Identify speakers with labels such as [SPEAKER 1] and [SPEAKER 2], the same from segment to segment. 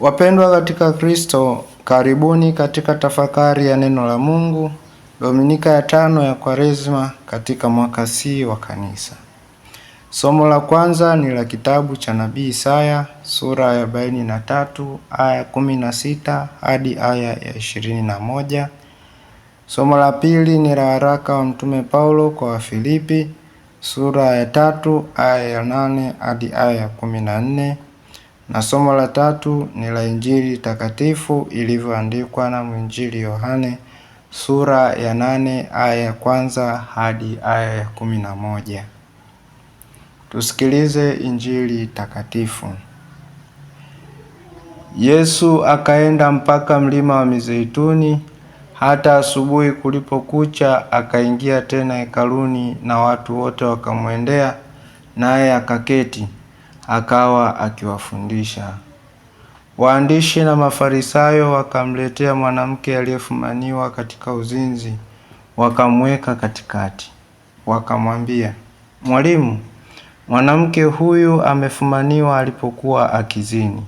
[SPEAKER 1] Wapendwa katika Kristo, karibuni katika tafakari ya neno la Mungu, Dominika ya tano ya Kwaresma katika mwaka C wa Kanisa. Somo la kwanza ni la kitabu cha nabii Isaya sura ya arobaini na tatu aya kumi na sita hadi aya ya ishirini na moja. Somo la pili ni la waraka wa Mtume Paulo kwa Wafilipi sura ya tatu aya ya nane hadi aya ya kumi na nne na somo la tatu ni la Injili takatifu ilivyoandikwa na mwinjili Yohane sura ya nane aya ya kwanza hadi aya ya kumi na moja. Tusikilize Injili takatifu. Yesu akaenda mpaka mlima wa Mizeituni. Hata asubuhi kulipokucha, akaingia tena hekaluni, na watu wote wakamwendea, naye akaketi akawa akiwafundisha. Waandishi na Mafarisayo wakamletea mwanamke aliyefumaniwa katika uzinzi, wakamweka katikati, wakamwambia, Mwalimu, mwanamke huyu amefumaniwa alipokuwa akizini.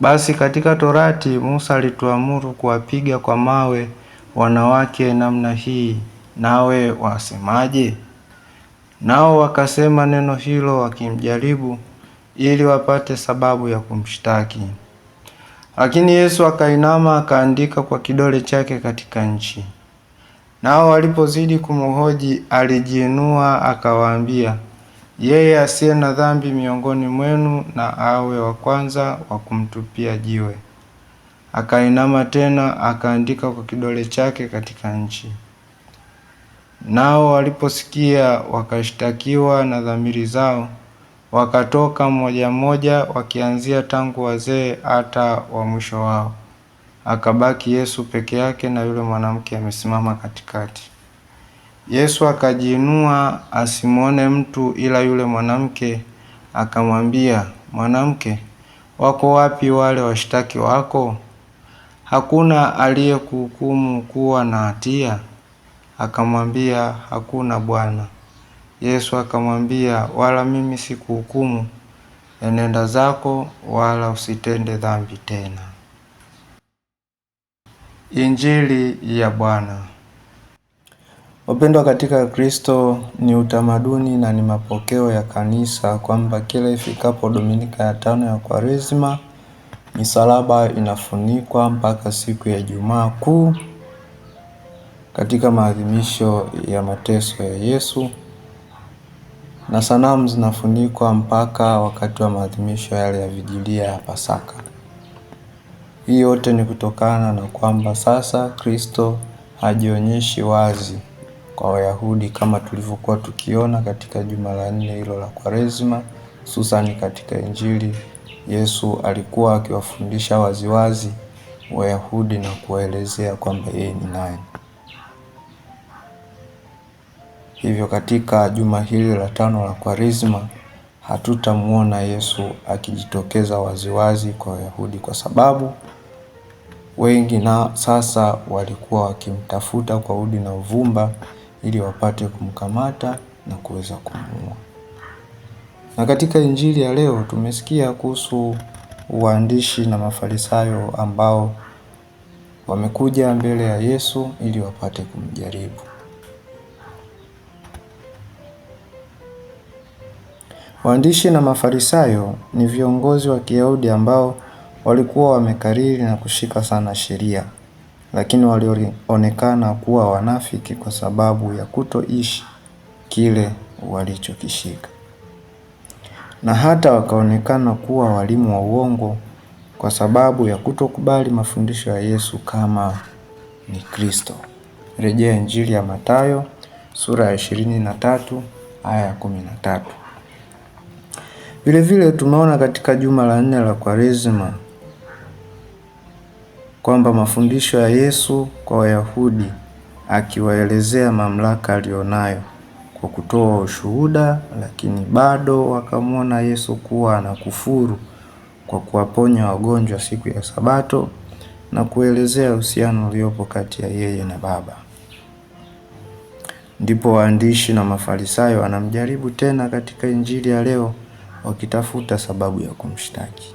[SPEAKER 1] Basi katika Torati Musa alituamuru kuwapiga kwa mawe wanawake namna hii, nawe wasemaje? Nao wakasema neno hilo wakimjaribu, ili wapate sababu ya kumshtaki. Lakini Yesu akainama akaandika kwa kidole chake katika nchi. Nao walipozidi kumhoji, alijiinua akawaambia, yeye asiye na dhambi miongoni mwenu na awe wa kwanza wa kumtupia jiwe. Akainama tena akaandika kwa kidole chake katika nchi. Nao waliposikia wakashtakiwa na dhamiri zao wakatoka mmoja mmoja, wakianzia tangu wazee hata wa mwisho wao. Akabaki Yesu peke yake na yule mwanamke amesimama katikati. Yesu akajiinua asimwone mtu ila yule mwanamke, akamwambia, Mwanamke, wako wapi wale washtaki wako? Hakuna aliyekuhukumu kuwa na hatia? Akamwambia, Hakuna, Bwana. Yesu akamwambia, wala mimi sikuhukumu, enenda zako, wala usitende dhambi tena. Injili ya Bwana. Wapendwa katika Kristo, ni utamaduni na ni mapokeo ya kanisa kwamba kila ifikapo Dominika ya tano ya Kwaresima, misalaba inafunikwa mpaka siku ya Ijumaa Kuu katika maadhimisho ya mateso ya Yesu na sanamu zinafunikwa mpaka wakati wa maadhimisho yale ya vijilia ya Pasaka. Hii yote ni kutokana na kwamba sasa Kristo hajionyeshi wazi kwa Wayahudi kama tulivyokuwa tukiona katika juma la nne hilo la Kwaresima, hususani katika Injili. Yesu alikuwa akiwafundisha waziwazi Wayahudi na kuwaelezea kwamba yeye ni nani. Hivyo katika juma hili la tano la Kwaresma hatutamwona Yesu akijitokeza waziwazi kwa Wayahudi kwa sababu wengi na sasa walikuwa wakimtafuta kwa udi na uvumba ili wapate kumkamata na kuweza kumuua. Na katika Injili ya leo tumesikia kuhusu waandishi na Mafarisayo ambao wamekuja mbele ya Yesu ili wapate kumjaribu. Waandishi na Mafarisayo ni viongozi wa Kiyahudi ambao walikuwa wamekariri na kushika sana sheria, lakini walionekana kuwa wanafiki kwa sababu ya kutoishi kile walichokishika, na hata wakaonekana kuwa walimu wa uongo kwa sababu ya kutokubali mafundisho ya Yesu kama ni Kristo. Rejea Injili ya Mathayo sura ya 23 aya ya 13. Vilevile tumeona katika juma la nne la Kwaresima kwamba mafundisho ya Yesu kwa Wayahudi akiwaelezea mamlaka aliyonayo kwa kutoa ushuhuda, lakini bado wakamwona Yesu kuwa anakufuru kwa kuwaponya wagonjwa siku ya Sabato na kuelezea uhusiano uliopo kati ya yeye na Baba. Ndipo waandishi na Mafarisayo wanamjaribu tena katika Injili ya leo wakitafuta sababu ya kumshtaki.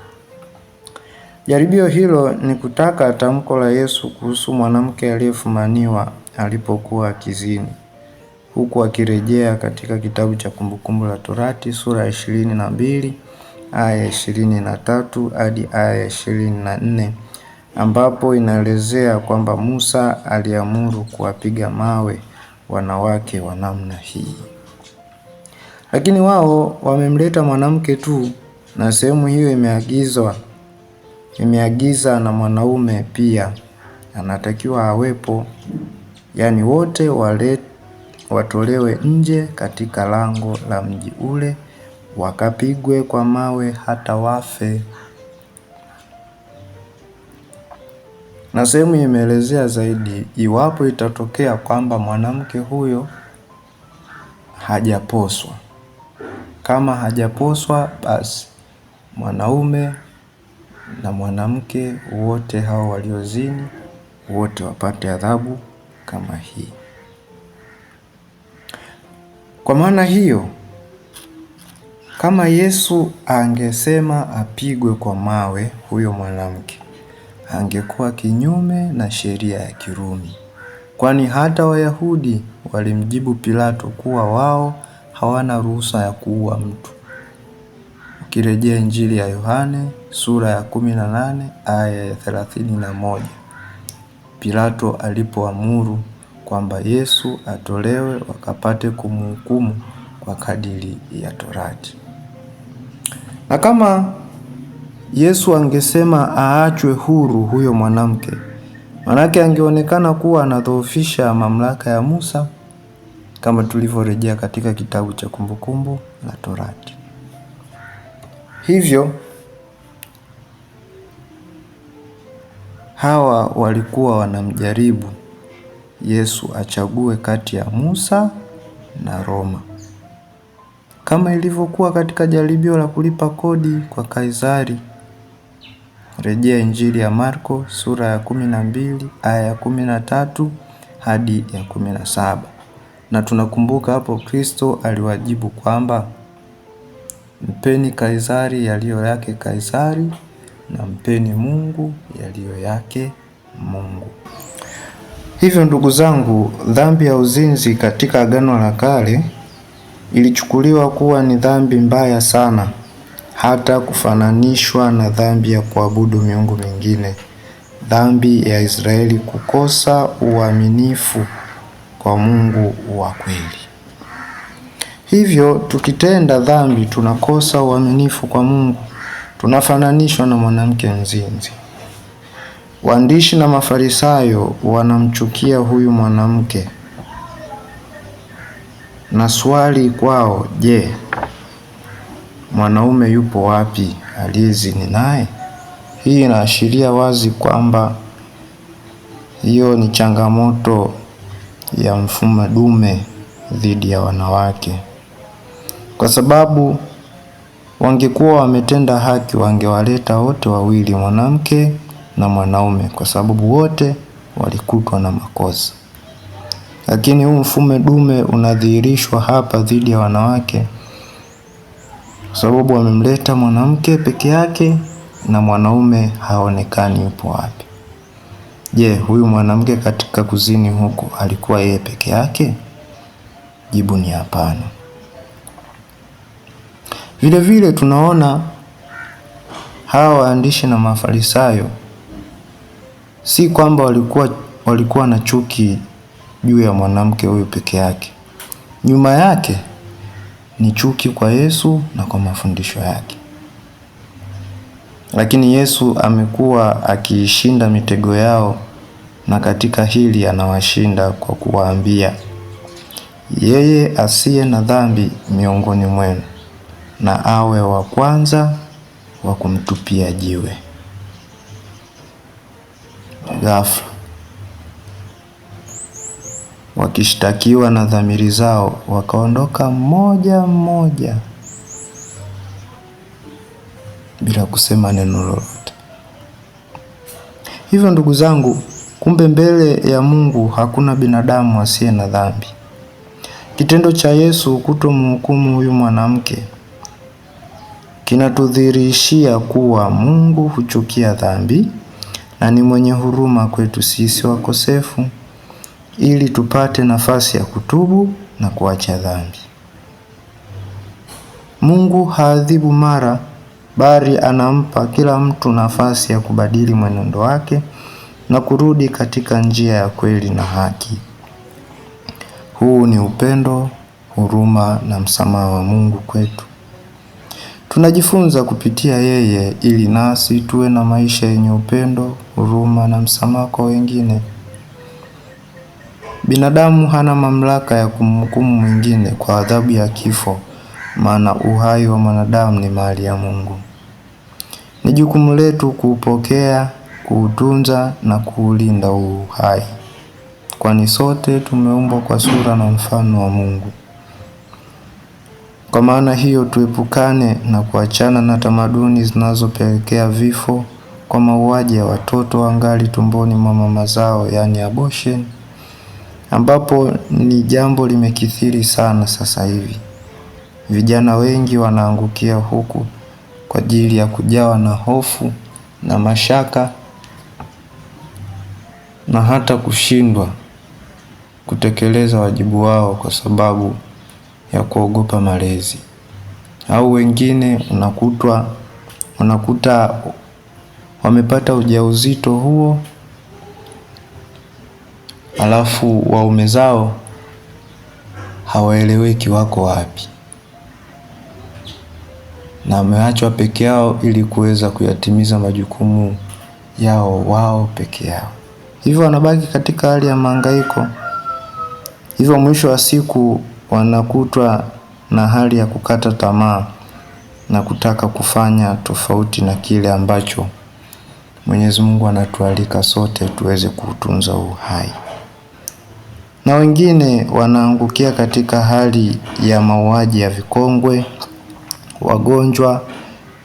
[SPEAKER 1] Jaribio hilo ni kutaka tamko la Yesu kuhusu mwanamke aliyefumaniwa alipokuwa akizini, huku akirejea katika kitabu cha Kumbukumbu la Torati sura ya ishirini na mbili aya ya ishirini na tatu hadi aya ya ishirini na nne ambapo inaelezea kwamba Musa aliamuru kuwapiga mawe wanawake wa namna hii. Lakini wao wamemleta mwanamke tu, na sehemu hiyo imeagizwa imeagiza na mwanaume pia anatakiwa awepo, yaani wote wale watolewe nje katika lango la mji ule, wakapigwe kwa mawe hata wafe. Na sehemu imeelezea zaidi, iwapo itatokea kwamba mwanamke huyo hajaposwa kama hajaposwa basi mwanaume na mwanamke wote hao waliozini wote wapate adhabu kama hii. Kwa maana hiyo, kama Yesu angesema apigwe kwa mawe huyo mwanamke, angekuwa kinyume na sheria ya Kirumi, kwani hata Wayahudi walimjibu Pilato kuwa wao hawana ruhusa ya kuua mtu. Ukirejea Injili ya Yohane sura ya 18 aya ya moja Pilato alipoamuru kwamba Yesu atolewe wakapate kumhukumu kwa kadiri ya Torati. Na kama Yesu angesema aachwe huru huyo mwanamke, manake angeonekana kuwa anadhoofisha mamlaka ya Musa kama tulivyorejea katika kitabu cha Kumbukumbu la Torati. Hivyo hawa walikuwa wanamjaribu Yesu achague kati ya Musa na Roma, kama ilivyokuwa katika jaribio la kulipa kodi kwa Kaisari. Rejea Injili ya Marko sura ya kumi na mbili aya ya kumi na tatu hadi ya kumi na saba. Na tunakumbuka hapo Kristo aliwajibu kwamba mpeni Kaisari yaliyo yake Kaisari na mpeni Mungu yaliyo yake Mungu. Hivyo ndugu zangu, dhambi ya uzinzi katika Agano la Kale ilichukuliwa kuwa ni dhambi mbaya sana, hata kufananishwa na dhambi ya kuabudu miungu mingine, dhambi ya Israeli kukosa uaminifu kwa Mungu wa kweli. Hivyo tukitenda dhambi tunakosa uaminifu kwa Mungu, tunafananishwa na mwanamke mzinzi. Waandishi na Mafarisayo wanamchukia huyu mwanamke, na swali kwao, je, mwanaume yupo wapi aliyezini naye? Hii inaashiria wazi kwamba hiyo ni changamoto ya mfumo dume dhidi ya wanawake, kwa sababu wangekuwa wametenda haki, wangewaleta wote wawili, mwanamke na mwanaume, kwa sababu wote walikutwa na makosa. Lakini huu mfumo dume unadhihirishwa hapa dhidi ya wanawake, kwa sababu wamemleta mwanamke peke yake na mwanaume haonekani yupo wapi. Je, huyu mwanamke katika kuzini huku alikuwa yeye peke yake? Jibu ni hapana. Vile vile tunaona hawa waandishi na Mafarisayo si kwamba walikuwa walikuwa na chuki juu ya mwanamke huyu peke yake. Nyuma yake ni chuki kwa Yesu na kwa mafundisho yake. Lakini Yesu amekuwa akiishinda mitego yao na katika hili anawashinda kwa kuwaambia, yeye asiye na dhambi miongoni mwenu na awe wa kwanza wa kumtupia jiwe. Ghafla wakishtakiwa na dhamiri zao, wakaondoka mmoja mmoja bila kusema neno lolote. Hivyo ndugu zangu, kumbe mbele ya Mungu hakuna binadamu asiye na dhambi. Kitendo cha Yesu kutomhukumu huyu mwanamke kinatudhihirishia kuwa Mungu huchukia dhambi na ni mwenye huruma kwetu sisi wakosefu, ili tupate nafasi ya kutubu na kuacha dhambi. Mungu haadhibu mara bali anampa kila mtu nafasi ya kubadili mwenendo wake na kurudi katika njia ya kweli na haki. Huu ni upendo, huruma na msamaha wa Mungu kwetu. Tunajifunza kupitia yeye ili nasi tuwe na maisha yenye upendo, huruma na msamaha kwa wengine. Binadamu hana mamlaka ya kumhukumu mwingine kwa adhabu ya kifo maana uhai wa mwanadamu ni mali ya Mungu. Ni jukumu letu kuupokea, kuutunza na kuulinda huu uhai, kwani sote tumeumbwa kwa sura na mfano wa Mungu. Kwa maana hiyo, tuepukane na kuachana na tamaduni zinazopelekea vifo kwa mauaji ya watoto wangali tumboni mwa mama zao, yaani abortion, ambapo ni jambo limekithiri sana sasa hivi. Vijana wengi wanaangukia huku kwa ajili ya kujawa na hofu na mashaka na hata kushindwa kutekeleza wajibu wao kwa sababu ya kuogopa malezi, au wengine unakutwa unakuta wamepata ujauzito huo, alafu waume zao hawaeleweki wako wapi na wameachwa peke yao ili kuweza kuyatimiza majukumu yao wao peke yao. Hivyo wanabaki katika hali ya mahangaiko. Hivyo mwisho wa siku wanakutwa na hali ya kukata tamaa na kutaka kufanya tofauti na kile ambacho Mwenyezi Mungu anatualika sote tuweze kuutunza uhai. Na wengine wanaangukia katika hali ya mauaji ya vikongwe wagonjwa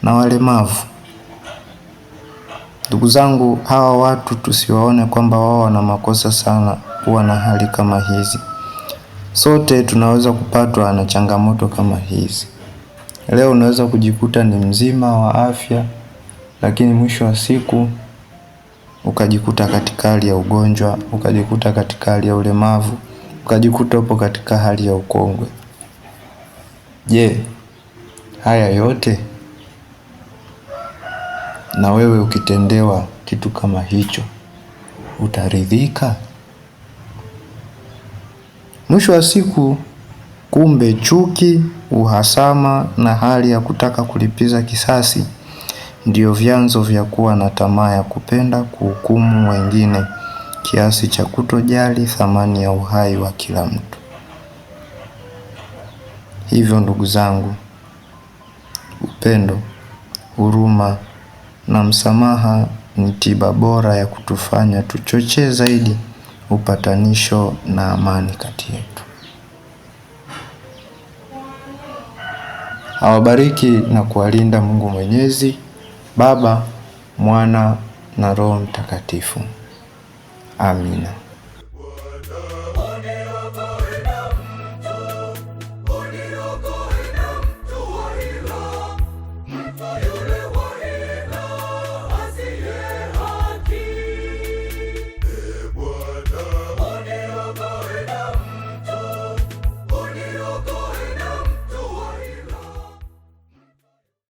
[SPEAKER 1] na walemavu. Ndugu zangu, hawa watu tusiwaone kwamba wao wana makosa sana kuwa na hali kama hizi. Sote tunaweza kupatwa na changamoto kama hizi. Leo unaweza kujikuta ni mzima wa afya, lakini mwisho wa siku ukajikuta katika hali ya ugonjwa, ukajikuta katika hali ya ulemavu, ukajikuta upo katika hali ya ukongwe. Je, haya yote, na wewe ukitendewa kitu kama hicho utaridhika? Mwisho wa siku, kumbe chuki, uhasama na hali ya kutaka kulipiza kisasi ndiyo vyanzo vya kuwa na tamaa ya kupenda kuhukumu wengine kiasi cha kutojali thamani ya uhai wa kila mtu. Hivyo ndugu zangu, upendo, huruma na msamaha ni tiba bora ya kutufanya tuchochee zaidi upatanisho na amani kati yetu. Awabariki na kuwalinda Mungu Mwenyezi, Baba, Mwana na Roho Mtakatifu. Amina.